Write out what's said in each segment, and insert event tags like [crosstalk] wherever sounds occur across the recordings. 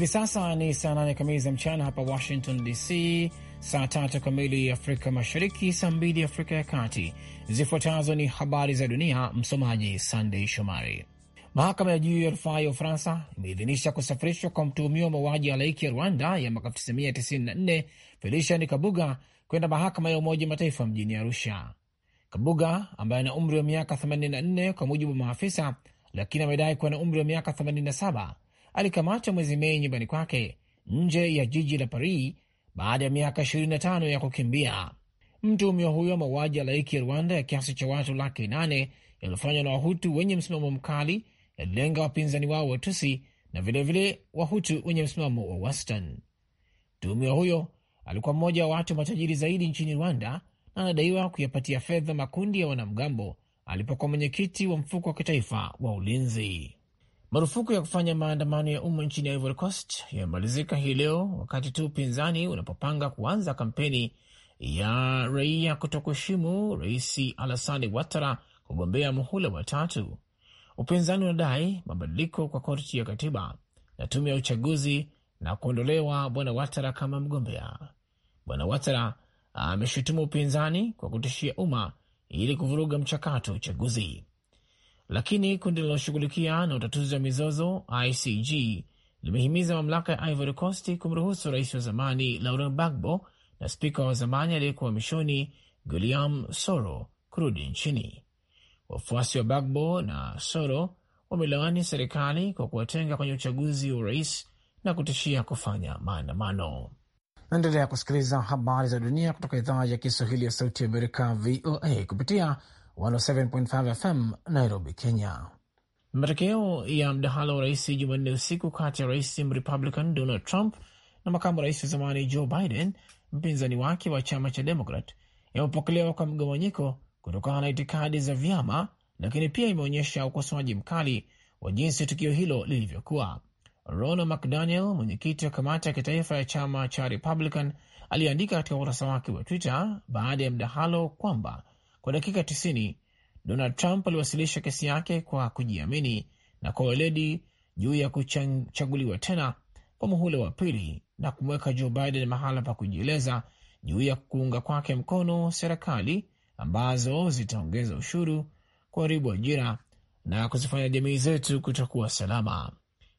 Hivi sasa ni saa nane kamili za mchana hapa Washington DC, saa tatu kamili Afrika Mashariki, saa mbili Afrika ya Kati. Zifuatazo ni habari za dunia, msomaji Sandei Shomari. Mahakama ya juu ya rufaa ya Ufaransa imeidhinisha kusafirishwa kwa mtuhumiwa wa mauaji ya halaiki ya Rwanda ya mwaka 1994 Felician Kabuga kwenda mahakama ya Umoja Mataifa mjini Arusha. Kabuga ambaye ana umri wa miaka 84 kwa mujibu wa maafisa, lakini amedai kuwa na umri wa miaka 87 alikamatwa mwezi Mei nyumbani kwake nje ya jiji la Paris baada ya miaka 25 ya kukimbia. Mtuhumiwa huyo mauaji ya laiki ya Rwanda ya kiasi cha watu laki nane yaliyofanywa na Wahutu wenye msimamo mkali yalilenga wapinzani wao Watusi na vilevile vile Wahutu wenye msimamo wa wastani. Mtuhumiwa huyo alikuwa mmoja wa watu matajiri zaidi nchini Rwanda na anadaiwa kuyapatia fedha makundi ya wanamgambo alipokuwa mwenyekiti wa mfuko wa kitaifa wa ulinzi. Marufuku ya kufanya maandamano ya umma nchini Ivory Coast yamemalizika hii leo, wakati tu upinzani unapopanga kuanza kampeni ya raia kutokuheshimu Rais Alassane Ouattara kugombea muhula wa tatu. Upinzani unadai mabadiliko kwa korti ya katiba na tume ya uchaguzi na kuondolewa Bwana Ouattara kama mgombea. Bwana Ouattara ameshutumu upinzani kwa kutishia umma ili kuvuruga mchakato wa uchaguzi lakini kundi linaloshughulikia na utatuzi wa mizozo ICG limehimiza mamlaka ya Ivory Coast kumruhusu rais wa zamani Laurent Gbagbo na spika wa zamani aliyekuwa mishoni Guillaume Soro kurudi nchini. Wafuasi wa Gbagbo na Soro wamelaani serikali kwa kuwatenga kwenye uchaguzi wa urais na kutishia kufanya maandamano. Naendelea kusikiliza habari za dunia kutoka idhaa ya Kiswahili ya Sauti ya Amerika, VOA, kupitia 107.5 FM Nairobi, Kenya. Matokeo ya mdahalo wa rais Jumanne usiku kati ya rais Mrepublican Donald Trump na makamu rais wa zamani Joe Biden, mpinzani wake wa chama cha Demokrat, yamepokelewa kwa mgawanyiko kutokana na itikadi za vyama, lakini pia imeonyesha ukosoaji mkali wa jinsi tukio hilo lilivyokuwa. Rona McDaniel, mwenyekiti wa kamati ya kitaifa ya chama cha Republican, aliandika katika ukurasa wake wa Twitter baada ya mdahalo kwamba kwa dakika 90 Donald Trump aliwasilisha kesi yake kwa kujiamini na kwa weledi juu ya kuchaguliwa tena kwa muhula wa pili na kumweka Joe Biden mahala pa kujieleza juu ya kuunga kwake mkono serikali ambazo zitaongeza ushuru, kuharibu ajira na kuzifanya jamii zetu kutokuwa salama.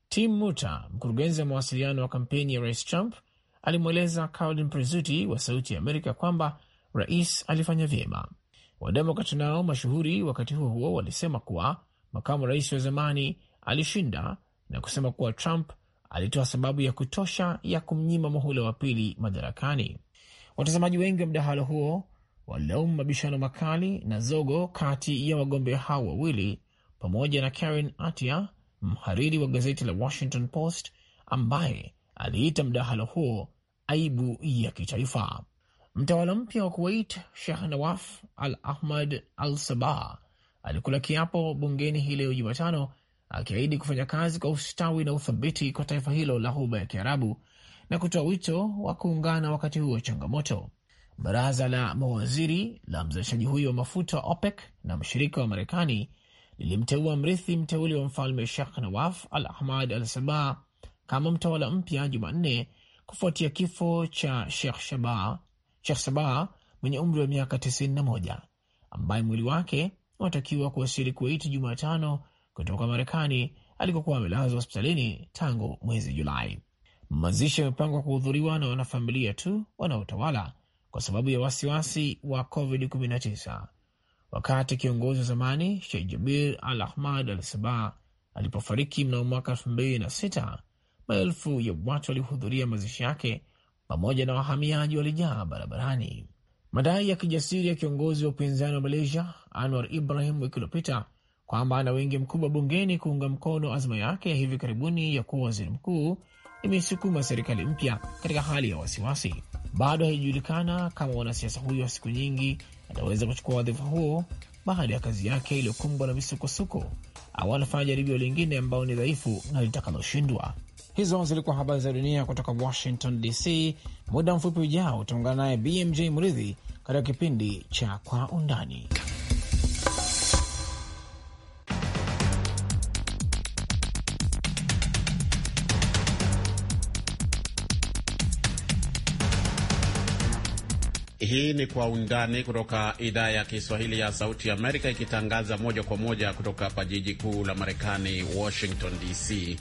Tim Muta, mkurugenzi wa mawasiliano wa kampeni ya rais Trump, alimweleza Carolin Prezuti wa Sauti ya Amerika kwamba rais alifanya vyema. Wademokrati nao mashuhuri wakati huo huo walisema kuwa makamu rais wa zamani alishinda na kusema kuwa Trump alitoa sababu ya kutosha ya kumnyima muhula wa pili madarakani. Watazamaji wengi wa mdahalo huo walilaumu mabishano makali na zogo kati ya wagombea hao wawili, pamoja na Karen Atia, mhariri wa gazeti la Washington Post, ambaye aliita mdahalo huo aibu ya kitaifa. Mtawala mpya wa Kuwait Shekh Nawaf Al Ahmad Al Sabah alikula kiapo bungeni hii leo Jumatano, akiahidi kufanya kazi kwa ustawi na uthabiti kwa taifa hilo la Ghuba ya Kiarabu na kutoa wito wa kuungana wakati huo changamoto. Baraza la mawaziri la mzalishaji huyo wa mafuta OPEC na mshirika wa Marekani lilimteua mrithi mteuli wa mfalme Shekh Nawaf Al Ahmad Al Sabah kama mtawala mpya Jumanne, kufuatia kifo cha Shekh Shabah Sheikh mwenye umri wa miaka 91 ambaye mwili wake unatakiwa kuwasili Kuwaiti Jumatano kutoka Marekani alikokuwa amelazwa hospitalini tangu mwezi Julai. Mazishi yamepangwa kuhudhuriwa na wanafamilia tu wanaotawala kwa sababu ya wasiwasi wa COVID-19, wakati kiongozi wa zamani Sheikh Jabir Al Ahmad Al Sabah alipofariki mnamo mwaka 26 maelfu ya watu walihudhuria mazishi yake pamoja na wahamiaji walijaa barabarani. Madai ya kijasiri ya kiongozi wa upinzani wa Malaysia Anwar Ibrahim wiki iliopita kwamba ana wingi mkubwa bungeni kuunga mkono azma yake ya hivi karibuni ya kuwa waziri mkuu imeisukuma serikali mpya katika hali ya wasiwasi. Bado haijulikana kama mwanasiasa huyo wa siku nyingi ataweza kuchukua wadhifa huo baada ya kazi yake iliyokumbwa na misukosuko, au anafanya jaribio lingine ambao ni dhaifu na litakaloshindwa. Hizo zilikuwa habari za dunia kutoka Washington DC. Muda mfupi ujao utaungana naye BMJ Mridhi katika kipindi cha Kwa Undani. Hii ni Kwa Undani kutoka idhaa ya Kiswahili ya Sauti ya Amerika, ikitangaza moja kwa moja kutoka hapa jiji kuu la Marekani, Washington DC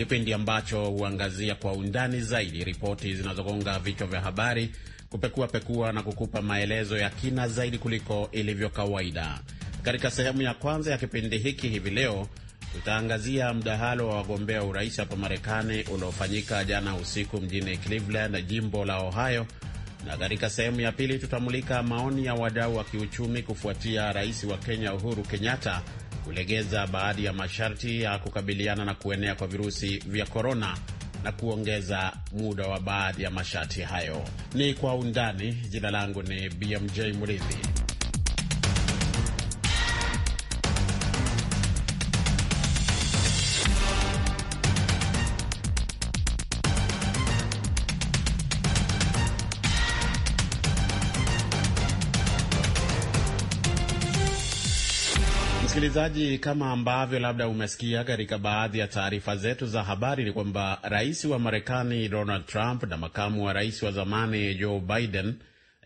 kipindi ambacho huangazia kwa undani zaidi ripoti zinazogonga vichwa vya habari, kupekua pekua na kukupa maelezo ya kina zaidi kuliko ilivyo kawaida. Katika sehemu ya kwanza ya kipindi hiki hivi leo tutaangazia mdahalo wa wagombea urais hapa Marekani uliofanyika jana usiku mjini Cleveland, jimbo la Ohio, na katika sehemu ya pili tutamulika maoni ya wadau wa kiuchumi kufuatia rais wa Kenya Uhuru Kenyatta kulegeza baadhi ya masharti ya kukabiliana na kuenea kwa virusi vya korona na kuongeza muda wa baadhi ya masharti hayo. Ni kwa undani. Jina langu ni BMJ mridhi Msikilizaji, kama ambavyo labda umesikia katika baadhi ya taarifa zetu za habari, ni kwamba rais wa Marekani Donald Trump na makamu wa rais wa zamani Joe Biden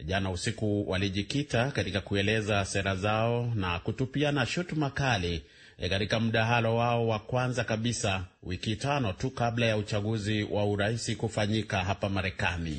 jana usiku walijikita katika kueleza sera zao na kutupiana shutuma kali E, katika mdahalo wao wa kwanza kabisa wiki tano tu kabla ya uchaguzi wa urais kufanyika hapa Marekani.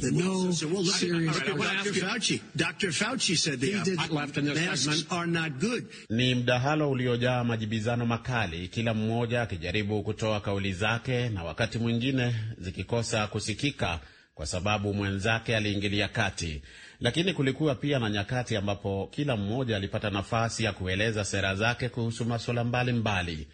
Ni mdahalo uliojaa majibizano makali, kila mmoja akijaribu kutoa kauli zake na wakati mwingine zikikosa kusikika kwa sababu mwenzake aliingilia kati. Lakini kulikuwa pia na nyakati ambapo kila mmoja alipata nafasi ya kueleza sera zake kuhusu masuala mbalimbali.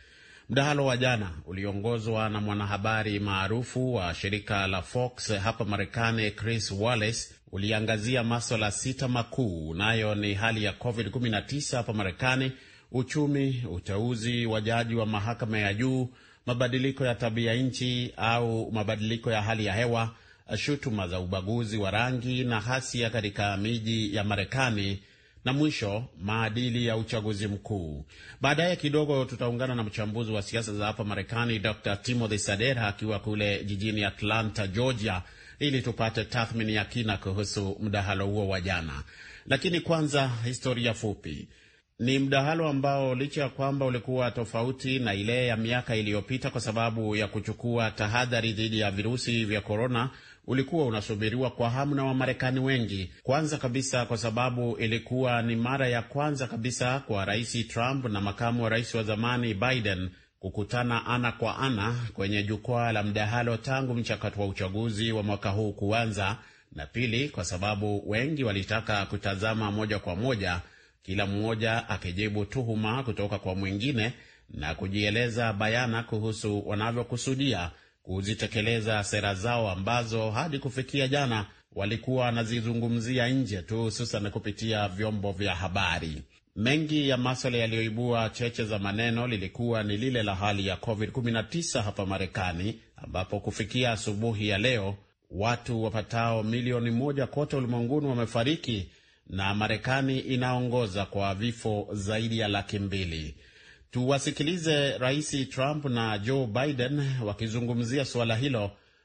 Mdahalo wa jana uliongozwa na mwanahabari maarufu wa shirika la Fox hapa Marekani, Chris Wallace, uliangazia maswala sita makuu, nayo ni hali ya COVID-19 hapa Marekani, uchumi, uteuzi wa jaji wa mahakama ya juu, mabadiliko ya tabia nchi au mabadiliko ya hali ya hewa shutuma za ubaguzi wa rangi na hasia katika miji ya Marekani na mwisho maadili ya uchaguzi mkuu. Baadaye kidogo tutaungana na mchambuzi wa siasa za hapa Marekani, Dr Timothy Sadera akiwa kule jijini Atlanta, Georgia, ili tupate tathmini ya kina kuhusu mdahalo huo wa jana. Lakini kwanza, historia fupi. Ni mdahalo ambao licha ya kwamba ulikuwa tofauti na ile ya miaka iliyopita kwa sababu ya kuchukua tahadhari dhidi ya virusi vya korona ulikuwa unasubiriwa kwa hamu na Wamarekani wengi, kwanza kabisa kwa sababu ilikuwa ni mara ya kwanza kabisa kwa Rais Trump na makamu wa rais wa zamani Biden kukutana ana kwa ana kwenye jukwaa la mdahalo tangu mchakato wa uchaguzi wa mwaka huu kuanza, na pili kwa sababu wengi walitaka kutazama moja kwa moja, kila mmoja akijibu tuhuma kutoka kwa mwingine na kujieleza bayana kuhusu wanavyokusudia kuzitekeleza sera zao ambazo hadi kufikia jana walikuwa wanazizungumzia nje tu, hususan kupitia vyombo vya habari. Mengi ya maswala yaliyoibua cheche za maneno lilikuwa ni lile la hali ya COVID-19 hapa Marekani, ambapo kufikia asubuhi ya leo watu wapatao milioni moja kote ulimwenguni wamefariki na Marekani inaongoza kwa vifo zaidi ya laki mbili. Tuwasikilize Rais Trump na Joe Biden wakizungumzia suala hilo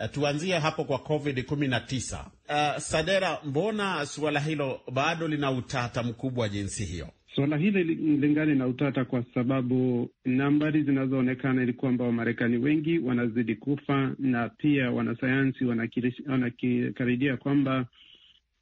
Eh, tuanzie hapo kwa COVID-19. Uh, Sadera, mbona suala hilo bado lina utata mkubwa jinsi hiyo? Suala hili lingani na utata kwa sababu nambari zinazoonekana ni kwamba Wamarekani wengi wanazidi kufa na pia wanasayansi wanakaridia kwamba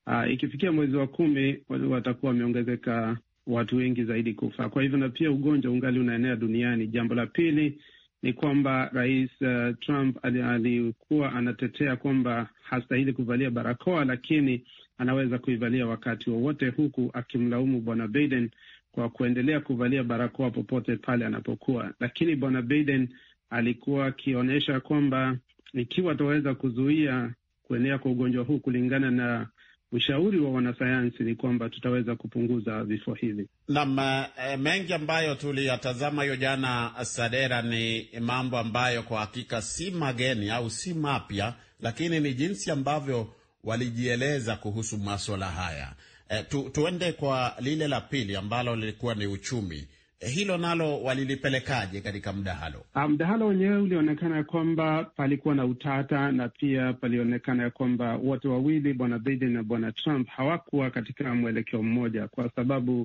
uh, ikifikia mwezi wa kumi watakuwa wameongezeka watu wengi zaidi kufa. Kwa hivyo na pia ugonjwa ungali unaenea duniani. Jambo la pili ni kwamba Rais uh, Trump alikuwa anatetea kwamba hastahili kuvalia barakoa, lakini anaweza kuivalia wakati wowote wa huku akimlaumu Bwana Biden kwa kuendelea kuvalia barakoa popote pale anapokuwa. Lakini Bwana Biden alikuwa akionyesha kwamba ikiwa ataweza kuzuia kuenea kwa ugonjwa huu kulingana na Ushauri wa wanasayansi ni kwamba tutaweza kupunguza vifo hivi. Naam, eh, mengi ambayo tuliyatazama hiyo jana Sadera ni mambo ambayo kwa hakika si mageni au si mapya, lakini ni jinsi ambavyo walijieleza kuhusu maswala haya. E, tu, tuende kwa lile la pili ambalo lilikuwa ni uchumi. Eh, hilo nalo walilipelekaje katika mdahalo? Ah, mdahalo wenyewe ulionekana ya kwamba palikuwa na utata na pia palionekana ya kwamba wote wawili, bwana Biden na bwana Trump, hawakuwa katika mwelekeo mmoja, kwa sababu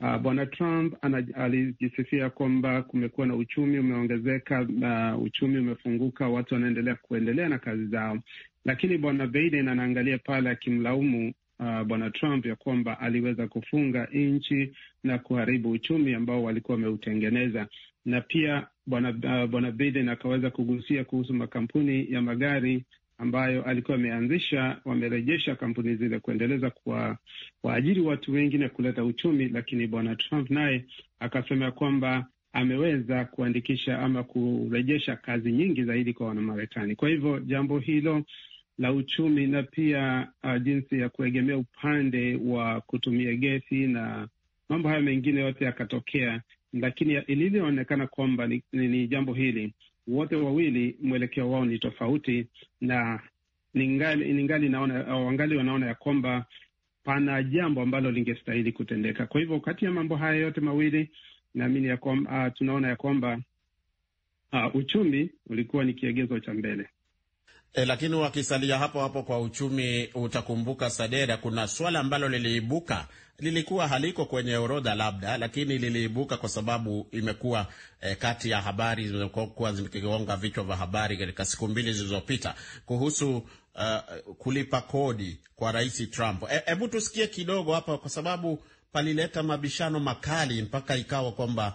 uh, bwana Trump alijisifia kwamba kumekuwa na uchumi umeongezeka, uh, uchumi umefunguka, watu wanaendelea kuendelea na kazi zao, lakini bwana Biden anaangalia pale akimlaumu uh, bwana Trump ya kwamba aliweza kufunga nchi na kuharibu uchumi ambao walikuwa wameutengeneza, na pia bwana uh, bwana Biden akaweza kugusia kuhusu makampuni ya magari ambayo alikuwa ameanzisha, wamerejesha kampuni zile kuendeleza kwa waajiri watu wengi na kuleta uchumi, lakini bwana Trump naye akasema kwamba ameweza kuandikisha ama kurejesha kazi nyingi zaidi kwa Wanamarekani. Kwa hivyo jambo hilo la uchumi na pia uh, jinsi ya kuegemea upande wa kutumia gesi na mambo hayo mengine yote yakatokea, lakini ya ilivyoonekana kwamba ni, ni, ni jambo hili, wote wawili mwelekeo wao ni tofauti, na ningali, ningali naona, wangali wanaona ya kwamba pana jambo ambalo lingestahili kutendeka. Kwa hivyo kati ya mambo haya yote mawili naamini ya kwamba uh, tunaona ya kwamba uh, uchumi ulikuwa ni kiegezo cha mbele. E, lakini wakisalia hapo hapo kwa uchumi, utakumbuka Sadera, kuna swala ambalo liliibuka lilikuwa haliko kwenye orodha labda, lakini liliibuka kwa sababu imekuwa e, kati ya habari zimekuwa zikigonga vichwa vya habari katika siku mbili zilizopita kuhusu uh, kulipa kodi kwa Rais Trump. Hebu e, tusikie kidogo hapa, kwa sababu palileta mabishano makali mpaka ikawa kwamba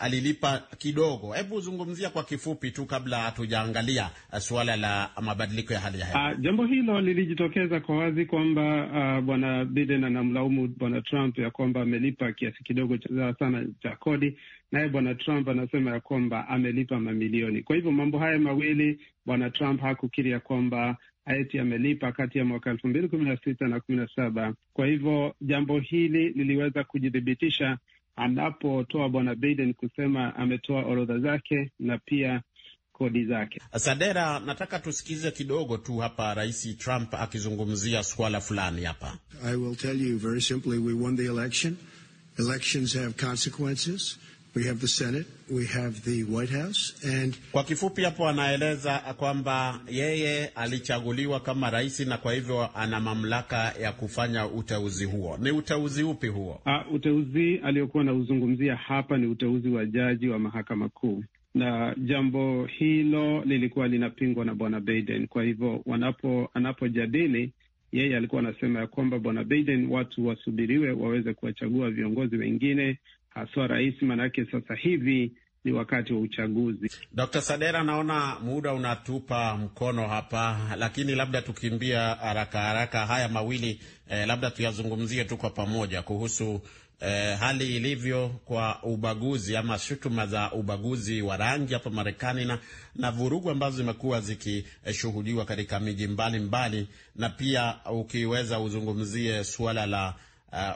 alilipa kidogo. Hebu zungumzia kwa kifupi tu kabla hatujaangalia eh, suala la mabadiliko ya hali ya hewa. Ah, jambo hilo lilijitokeza kwa wazi kwamba ah, bwana Biden anamlaumu bwana Trump ya kwamba amelipa kiasi kidogo sana cha kodi, naye bwana Trump anasema ya kwamba amelipa mamilioni. Kwa hivyo mambo haya mawili bwana Trump hakukiri ya kwamba eti amelipa kati ya mwaka elfu mbili kumi na sita na kumi na saba. Kwa hivyo jambo hili liliweza kujithibitisha anapotoa bwana Biden kusema ametoa orodha zake na pia kodi zake. Sadera, nataka tusikize kidogo tu hapa Rais Trump akizungumzia swala fulani hapa. I will tell you very simply, we won the election. Elections have consequences. We have the Senate, we have the White House, and... Kwa kifupi hapo anaeleza kwamba yeye alichaguliwa kama rais na kwa hivyo ana mamlaka ya kufanya uteuzi huo. Ni uteuzi upi huo? Uh, uteuzi aliyokuwa anauzungumzia hapa ni uteuzi wa jaji wa mahakama kuu, na jambo hilo lilikuwa linapingwa na bwana Biden. Kwa hivyo wanapo anapojadili yeye alikuwa anasema ya kwamba bwana Biden, watu wasubiriwe waweze kuwachagua viongozi wengine haswa rais, maanake sasa hivi ni wakati wa uchaguzi. Dr. Sadera, naona muda unatupa mkono hapa, lakini labda tukimbia haraka haraka haya mawili eh, labda tuyazungumzie tu kwa pamoja kuhusu eh, hali ilivyo kwa ubaguzi ama shutuma za ubaguzi wa rangi hapa Marekani na, na vurugu ambazo zimekuwa zikishuhudiwa katika miji mbalimbali, na pia ukiweza uzungumzie suala la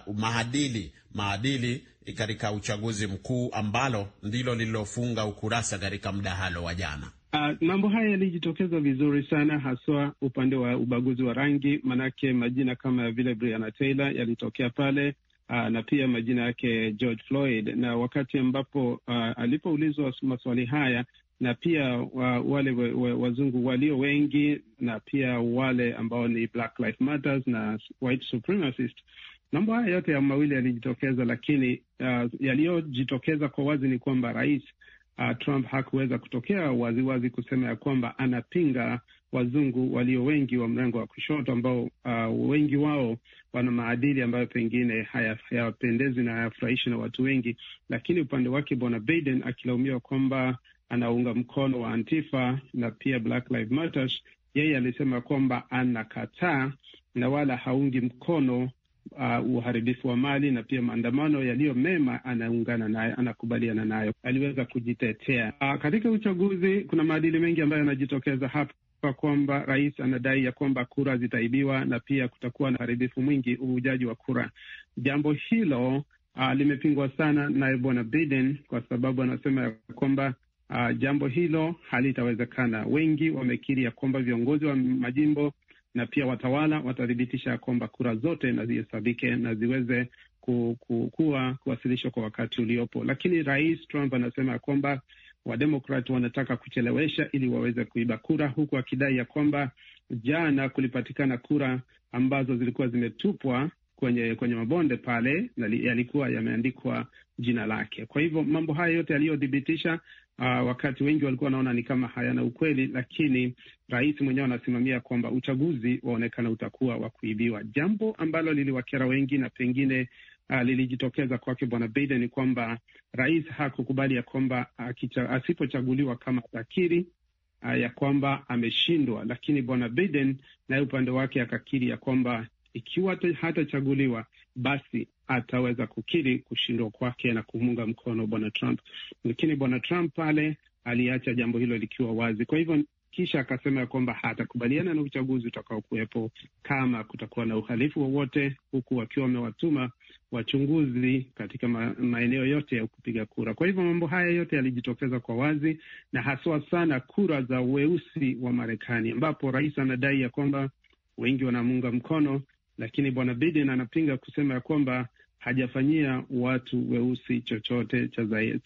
uh, maadili maadili E, katika uchaguzi mkuu ambalo ndilo lililofunga ukurasa katika mdahalo wa jana. Uh, mambo haya yalijitokeza vizuri sana haswa upande wa ubaguzi wa rangi, manake majina kama vile Breonna Taylor yalitokea pale, uh, na pia majina yake George Floyd, na wakati ambapo uh, alipoulizwa maswali haya na pia uh, wale we, we, wazungu walio wengi na pia wale ambao ni Black Lives Matters na white supremacists Mambo haya yote ya mawili yalijitokeza, lakini uh, yaliyojitokeza kwa wazi ni kwamba rais uh, Trump hakuweza kutokea waziwazi wazi kusema ya kwamba anapinga wazungu walio wengi wa mrengo wa kushoto ambao uh, wengi wao wana maadili ambayo pengine hayapendezi haya na hayafurahishi na watu wengi. Lakini upande wake bwana Biden akilaumiwa kwamba anaunga mkono wa Antifa na pia Black Lives Matter, yeye alisema kwamba anakataa na wala haungi mkono uh, uharibifu wa mali na pia maandamano yaliyo mema, anaungana nayo, anakubaliana nayo, aliweza kujitetea. Uh, katika uchaguzi kuna maadili mengi ambayo yanajitokeza hapa kwamba rais anadai ya kwamba kura zitaibiwa na pia kutakuwa na uharibifu mwingi, uvujaji wa kura. Jambo hilo uh, limepingwa sana naye bwana Biden kwa sababu anasema ya kwamba uh, jambo hilo halitawezekana. Wengi wamekiri ya kwamba viongozi wa majimbo na pia watawala watathibitisha kwamba kura zote na zihesabike na ziweze ku, ku, kuwa kuwasilishwa kwa wakati uliopo. Lakini Rais Trump anasema ya kwamba Wademokrat wanataka kuchelewesha ili waweze kuiba kura, huku akidai ya kwamba jana kulipatikana kura ambazo zilikuwa zimetupwa kwenye kwenye mabonde pale yalikuwa yameandikwa jina lake. Kwa hivyo mambo haya yote yaliyothibitisha uh, wakati wengi walikuwa wanaona ni kama hayana ukweli, lakini rais mwenyewe anasimamia kwamba uchaguzi waonekana utakuwa wa kuibiwa, jambo ambalo liliwakera wengi na pengine Uh, lilijitokeza kwake Bwana Biden ni kwamba rais hakukubali ya kwamba uh, asipochaguliwa kama akiri uh, ah, ya kwamba ameshindwa, lakini Bwana Biden naye upande wake akakiri ya kwamba ikiwa hatachaguliwa basi ataweza kukiri kushindwa kwake na kumunga mkono bwana Trump. Lakini bwana Trump pale aliacha jambo hilo likiwa wazi, kwa hivyo kisha akasema ya kwamba hatakubaliana na uchaguzi utakaokuwepo kama kutakuwa na uhalifu wowote, huku wakiwa wamewatuma wachunguzi katika ma maeneo yote ya kupiga kura. Kwa hivyo mambo haya yote yalijitokeza kwa wazi, na haswa sana kura za weusi wa Marekani, ambapo rais anadai ya kwamba wengi wanamuunga mkono lakini bwana Biden anapinga kusema ya kwamba hajafanyia watu weusi chochote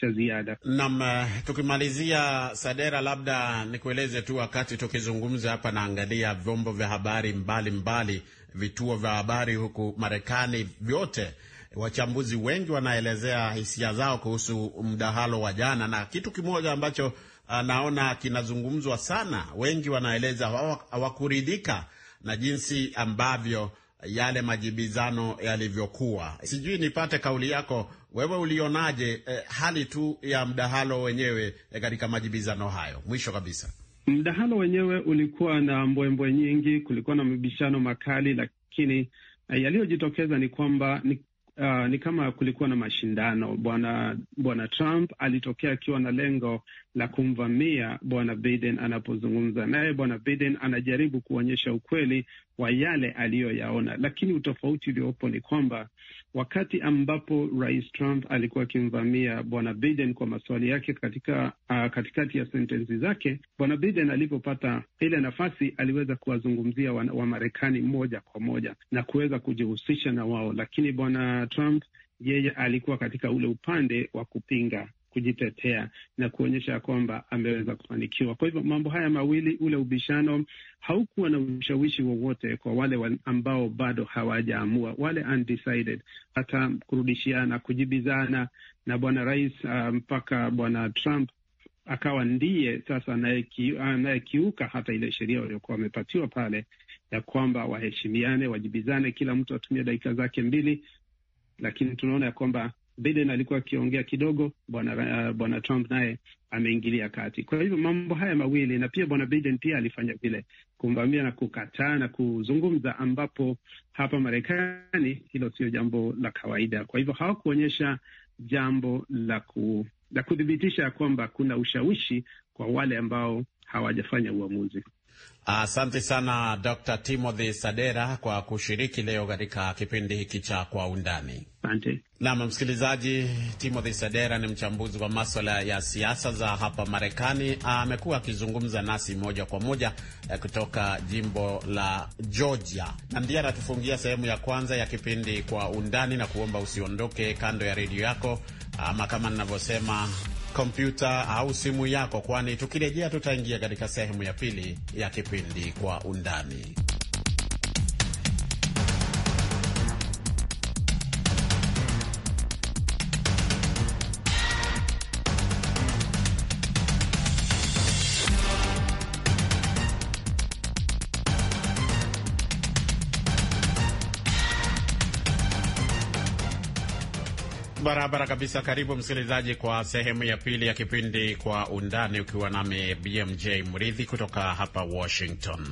cha ziada. Naam, eh, tukimalizia Sadera, labda nikueleze tu, wakati tukizungumza hapa naangalia vyombo vya habari mbalimbali, vituo vya habari huku Marekani vyote wachambuzi wengi wanaelezea hisia zao kuhusu mdahalo wa jana, na kitu kimoja ambacho eh, naona kinazungumzwa sana, wengi wanaeleza hawakuridhika na jinsi ambavyo yale majibizano yalivyokuwa. Sijui nipate kauli yako wewe, ulionaje eh, hali tu ya mdahalo wenyewe eh, katika majibizano hayo? Mwisho kabisa, mdahalo wenyewe ulikuwa na mbwembwe nyingi, kulikuwa na mabishano makali, lakini eh, yaliyojitokeza ni kwamba ni, uh, ni kama kulikuwa na mashindano. Bwana Bwana Trump alitokea akiwa na lengo la kumvamia bwana Biden anapozungumza naye. Bwana Biden anajaribu kuonyesha ukweli wa yale aliyoyaona, lakini utofauti uliopo ni kwamba wakati ambapo rais Trump alikuwa akimvamia bwana Biden kwa maswali yake katika uh, katikati ya sentensi zake, bwana Biden alipopata ile nafasi aliweza kuwazungumzia Wamarekani wa moja kwa moja na kuweza kujihusisha na wao, lakini bwana Trump yeye alikuwa katika ule upande wa kupinga kujitetea na kuonyesha kwamba ameweza kufanikiwa. Kwa hivyo mambo haya mawili, ule ubishano haukuwa na ushawishi wowote kwa wale ambao bado hawajaamua, wale undecided, hata kurudishiana, kujibizana na bwana rais uh, mpaka um, bwana Trump akawa ndiye sasa anayekiuka hata ile sheria waliokuwa wamepatiwa pale ya kwamba waheshimiane, wajibizane, kila mtu atumie dakika zake mbili, lakini tunaona ya kwamba Biden alikuwa akiongea kidogo, bwana uh, bwana Trump naye ameingilia kati. Kwa hivyo mambo haya mawili na pia bwana Biden pia alifanya vile, kumvamia na kukataa na kuzungumza, ambapo hapa Marekani hilo sio jambo la kawaida. Kwa hivyo hawakuonyesha jambo la ku la kuthibitisha ya kwamba kuna ushawishi kwa wale ambao hawajafanya uamuzi. Asante sana Dr. Timothy Sadera kwa kushiriki leo katika kipindi hiki cha Kwa Undani. nam Naam, msikilizaji, Timothy Sadera ni mchambuzi wa maswala ya siasa za hapa Marekani. Amekuwa akizungumza nasi moja kwa moja eh, kutoka jimbo la Georgia, na ndiye anatufungia sehemu ya kwanza ya kipindi Kwa Undani, na kuomba usiondoke kando ya redio yako, ama kama ninavyosema kompyuta au simu yako, kwani tukirejea tutaingia katika sehemu ya pili ya kipindi kwa undani. barabara kabisa. Karibu msikilizaji, kwa sehemu ya pili ya kipindi Kwa Undani, ukiwa nami BMJ Mridhi kutoka hapa Washington.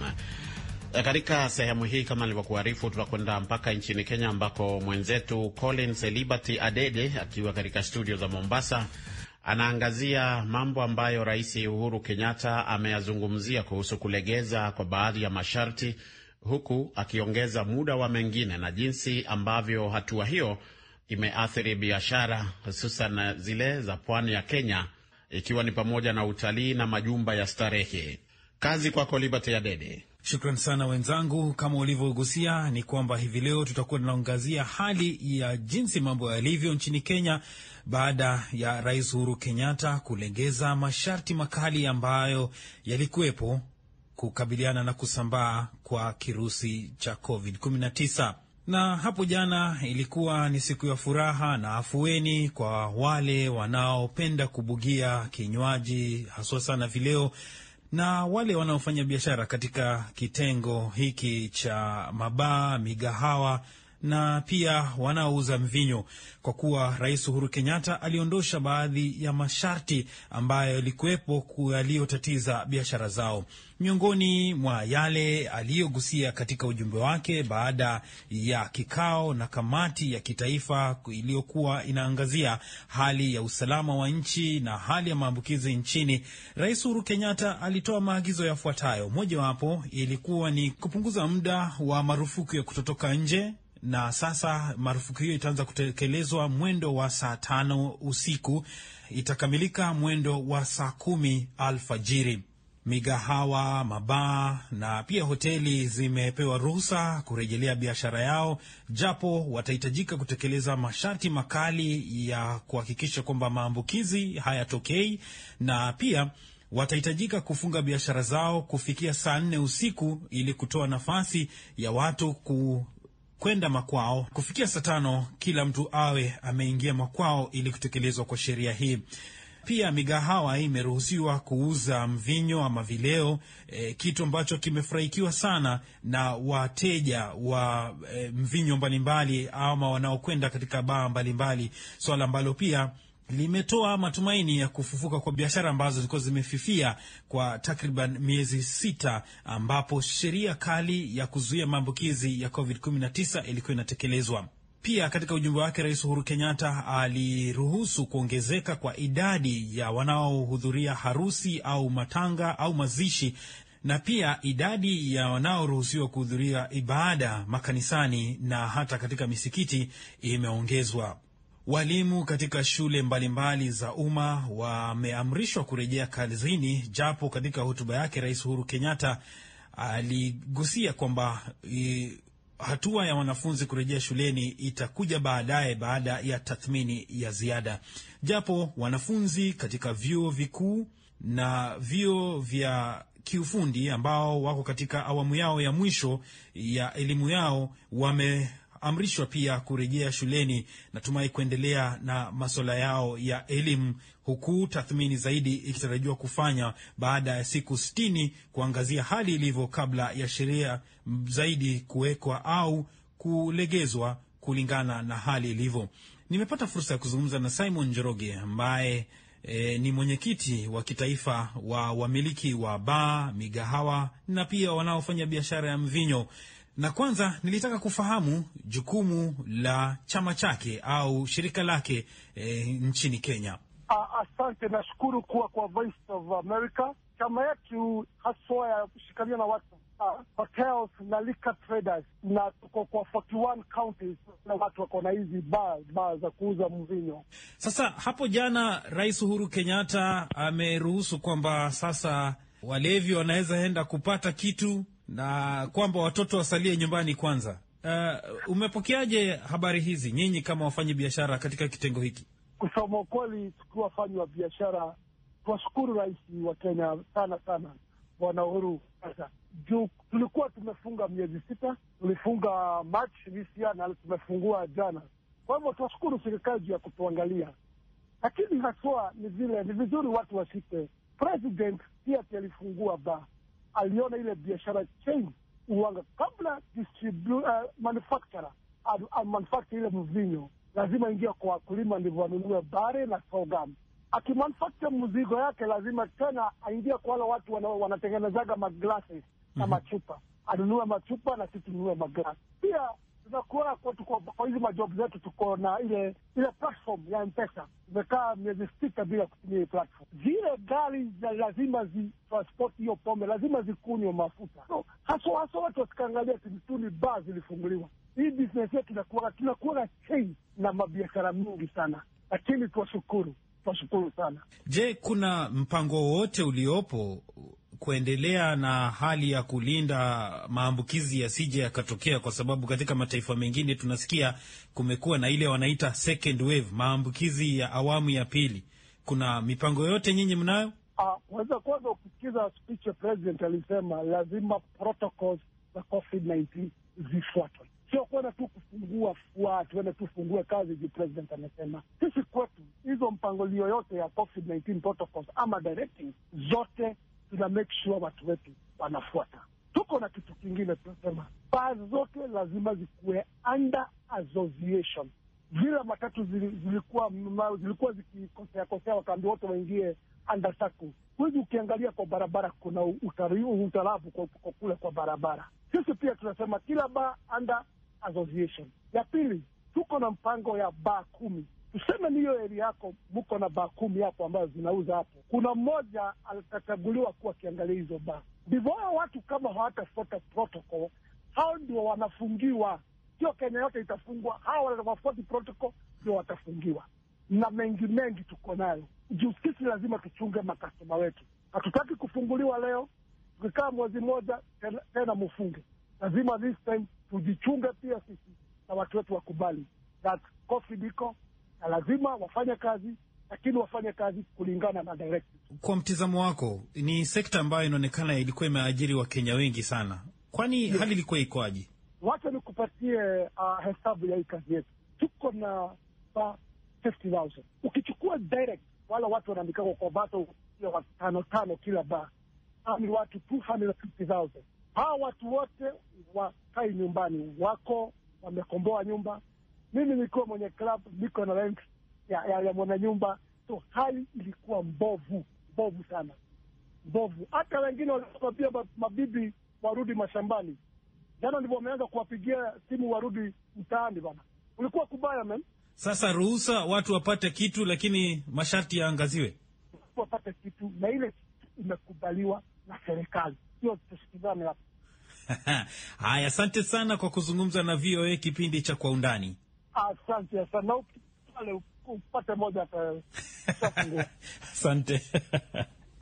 E, katika sehemu hii kama nilivyokuarifu, tutakwenda mpaka nchini Kenya ambako mwenzetu Collins Liberty Adede akiwa katika studio za Mombasa anaangazia mambo ambayo Rais Uhuru Kenyatta ameyazungumzia kuhusu kulegeza kwa baadhi ya masharti, huku akiongeza muda wa mengine na jinsi ambavyo hatua hiyo imeathiri biashara hususan zile za pwani ya Kenya, ikiwa ni pamoja na utalii na majumba ya starehe. Kazi kwako Liberty ya Dede. Shukran sana wenzangu, kama ulivyogusia ni kwamba hivi leo tutakuwa tunaangazia hali ya jinsi mambo yalivyo nchini Kenya baada ya Rais Uhuru Kenyatta kulegeza masharti makali ambayo yalikuwepo kukabiliana na kusambaa kwa kirusi cha COVID-19. Na hapo jana ilikuwa ni siku ya furaha na afueni kwa wale wanaopenda kubugia kinywaji haswa sana vileo na wale wanaofanya biashara katika kitengo hiki cha mabaa, migahawa na pia wanaouza mvinyo, kwa kuwa Rais Uhuru Kenyatta aliondosha baadhi ya masharti ambayo yalikuwepo yaliyotatiza biashara zao. Miongoni mwa yale aliyogusia katika ujumbe wake baada ya kikao na kamati ya kitaifa iliyokuwa inaangazia hali ya usalama wa nchi na hali ya maambukizi nchini, Rais Uhuru Kenyatta alitoa maagizo yafuatayo. Mojawapo ilikuwa ni kupunguza muda wa marufuku ya kutotoka nje na sasa marufuku hiyo itaanza kutekelezwa mwendo wa saa tano usiku, itakamilika mwendo wa saa kumi alfajiri. Migahawa, mabaa na pia hoteli zimepewa ruhusa kurejelea biashara yao, japo watahitajika kutekeleza masharti makali ya kuhakikisha kwamba maambukizi hayatokei na pia watahitajika kufunga biashara zao kufikia saa nne usiku ili kutoa nafasi ya watu ku kwenda makwao. Kufikia saa tano kila mtu awe ameingia makwao ili kutekelezwa kwa sheria hii. Pia migahawa hii imeruhusiwa kuuza mvinyo ama vileo e, kitu ambacho kimefurahikiwa sana na wateja wa e, mvinyo mbalimbali ama wanaokwenda katika baa mbalimbali, swala ambalo pia limetoa matumaini ya kufufuka kwa biashara ambazo zilikuwa zimefifia kwa takriban miezi sita, ambapo sheria kali ya kuzuia maambukizi ya COVID-19 ilikuwa inatekelezwa. Pia katika ujumbe wake, Rais Uhuru Kenyatta aliruhusu kuongezeka kwa idadi ya wanaohudhuria harusi au matanga au mazishi na pia idadi ya wanaoruhusiwa kuhudhuria ibada makanisani na hata katika misikiti imeongezwa. Walimu katika shule mbalimbali za umma wameamrishwa kurejea kazini, japo katika hotuba yake Rais Uhuru Kenyatta aligusia kwamba e, hatua ya wanafunzi kurejea shuleni itakuja baadaye baada ya tathmini ya ziada, japo wanafunzi katika vyuo vikuu na vyuo vya kiufundi ambao wako katika awamu yao ya mwisho ya elimu yao wame wameamrishwa pia kurejea shuleni, natumai kuendelea na masuala yao ya elimu, huku tathmini zaidi ikitarajiwa kufanya baada ya siku sitini kuangazia hali ilivyo kabla ya sheria zaidi kuwekwa au kulegezwa kulingana na hali ilivyo. Nimepata fursa ya kuzungumza na Simon Njoroge ambaye E, ni mwenyekiti wa kitaifa wa wamiliki wa baa, migahawa na pia wanaofanya biashara ya mvinyo na kwanza nilitaka kufahamu jukumu la chama chake au shirika lake e, nchini Kenya. Asante, nashukuru kuwa kwa Voice of America. Chama yetu haswa ya na watu uh, hotels na liquor traders, na tuko kwa 41 counties na watu wako na hizi za kuuza mvinyo. Sasa hapo jana Rais Uhuru Kenyatta ameruhusu kwamba sasa walevi wanaweza enda kupata kitu na kwamba watoto wasalie nyumbani kwanza. Uh, umepokeaje habari hizi nyinyi kama wafanyi biashara katika kitengo hiki? Kusema ukweli, tukiwa wafanyi wa biashara tuwashukuru Rais wa Kenya sana sana Bwana Uhuru juu tulikuwa tumefunga miezi sita, tulifunga mach visia na tumefungua jana. Kwa hivyo twashukuru serikali juu ya kutuangalia, lakini haswa ni vile ni vizuri watu washike. President pia alifungua ba aliona ile biashara chain uwanga kabla distribu, uh, manufacturer ile mvinyo lazima ingia kwa wakulima, ndivyo wanunue bare na sogam Akimanufacture mzigo yake lazima tena aingia kwa wale watu wana, wanatengenezaga maglasi na mhm. machupa, anunue machupa na sitununue tununue maglasi pia tunakuwa kwa hizi majob zetu tuko na ile ile platform ya mpesa imekaa miezi sita bila kutumia hii platform. Zile gari lazima zitransport hiyo pombe, lazima zikunywe mafuta, haswa haswa. Watu wasikaangalia timtuni ba zilifunguliwa. Hii business yetu tunakuwa tunakuwa chei na mabiashara mingi sana, lakini tuwashukuru, tuwashukuru sana. Je, kuna mpango wowote uliopo kuendelea na hali ya kulinda maambukizi yasije yakatokea, kwa sababu katika mataifa mengine tunasikia kumekuwa na ile wanaita second wave, maambukizi ya awamu ya pili. Kuna mipango yote nyinyi mnayo? Unaweza ah, kwanza, ukisikiza speech ya president alisema lazima protocols za COVID-19 zifuatwe, sio kwenda tu kufungua fua, tuende fungue kazi juu president amesema. Sisi kwetu hizo mpangilio yote ya COVID-19 protocols ama directives zote tuna make sure watu wetu wanafuata. Tuko na kitu kingine tunasema, baa zote lazima zikuwe under association. Vile matatu zilikuwa zilikuwa zikikosea kosea, wakaambia wote waingie under circle. Wezi ukiangalia kwa barabara kuna utarabu kwa kule kwa barabara. Sisi pia tunasema kila baa under association. Ya pili, tuko na mpango ya baa kumi Tuseme niyo eri yako muko na baa kumi hapo ambayo zinauza hapo, kuna mmoja atachaguliwa kuwa kiangalia hizo baa. Ndivyo hao watu kama hawatafuata protocol, hao ndio wanafungiwa. Sio Kenya yote itafungwa, hao wanafuati protocol ndio watafungiwa, na mengi mengi tuko nayo juu. Sisi lazima tuchunge makastoma wetu, hatutaki kufunguliwa leo tukikaa mwezi mmoja tena, tena mufunge. Lazima this time tujichunge pia sisi na watu wetu wakubali that covid iko na lazima wafanye kazi, lakini wafanye kazi kulingana na directive. Kwa mtizamo wako, ni sekta ambayo inaonekana ilikuwa imeajiri Wakenya wengi sana, kwani yes, hali ilikuwa ikoaje? Wacha nikupatie uh, hesabu ya hii kazi yetu. Tuko na ba uh, 50,000 ukichukua direct, wala watu wanaandikako kwa bato ya watano tano kila ba ni watu 250,000 hawa watu wote wakai nyumbani, wako wamekomboa nyumba mimi nilikuwa mwenye club, niko na rank ya, ya, ya mwananyumba. So hali ilikuwa mbovu mbovu sana, mbovu. Hata wengine pia mabibi warudi mashambani, jana ndivyo wameanza kuwapigia simu warudi mtaani bana, ulikuwa kubaya man. Sasa ruhusa watu wapate kitu, lakini masharti yaangaziwe, wapate kitu na ile imekubaliwa na serikali, hiyo, tusikizane hapa. [laughs] Haya, asante sana kwa kuzungumza na VOA kipindi cha kwa undani. Asante sana, pale upate moja. [laughs] Asante. [laughs]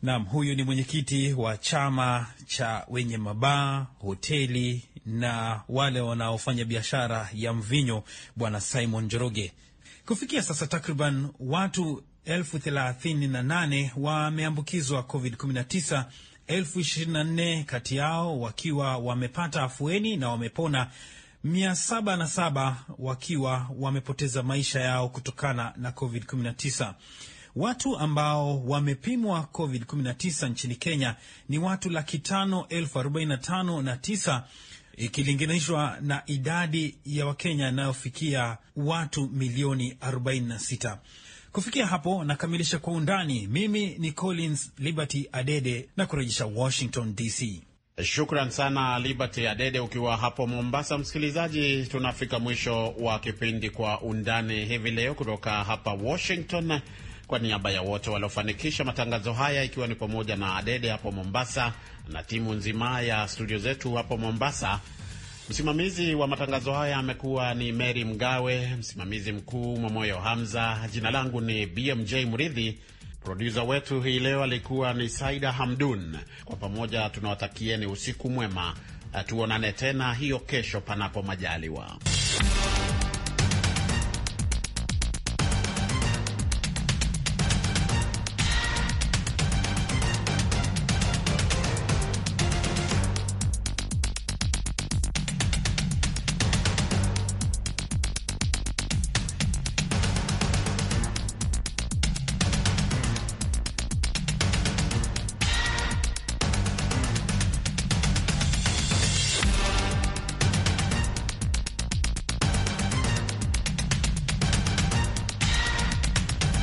Naam, huyu ni mwenyekiti wa chama cha wenye mabaa, hoteli na wale wanaofanya biashara ya mvinyo, Bwana Simon Njoroge. Kufikia sasa takriban watu elfu thelathini na nane wameambukizwa COVID-19, elfu ishirini na nne kati yao wakiwa wamepata afueni na wamepona mia saba na saba wakiwa wamepoteza maisha yao kutokana na COVID-19. Watu ambao wamepimwa COVID-19 nchini Kenya ni watu laki tano elfu arobaini na tano na tisa ikilinganishwa na idadi ya Wakenya inayofikia watu milioni 46. Kufikia hapo nakamilisha kwa undani. Mimi ni Collins Liberty Adede na kurejesha Washington DC. Shukran sana Liberty Adede ukiwa hapo Mombasa. Msikilizaji, tunafika mwisho wa kipindi Kwa Undani hivi leo kutoka hapa Washington. Kwa niaba ya wote waliofanikisha matangazo haya, ikiwa ni pamoja na Adede hapo Mombasa na timu nzima ya studio zetu hapo Mombasa, msimamizi wa matangazo haya amekuwa ni Mary Mgawe, msimamizi mkuu Mwamoyo Hamza, jina langu ni BMJ mridhi Produsa wetu hii leo alikuwa ni Saida Hamdun. Kwa pamoja tunawatakieni usiku mwema, tuonane tena hiyo kesho, panapo majaliwa.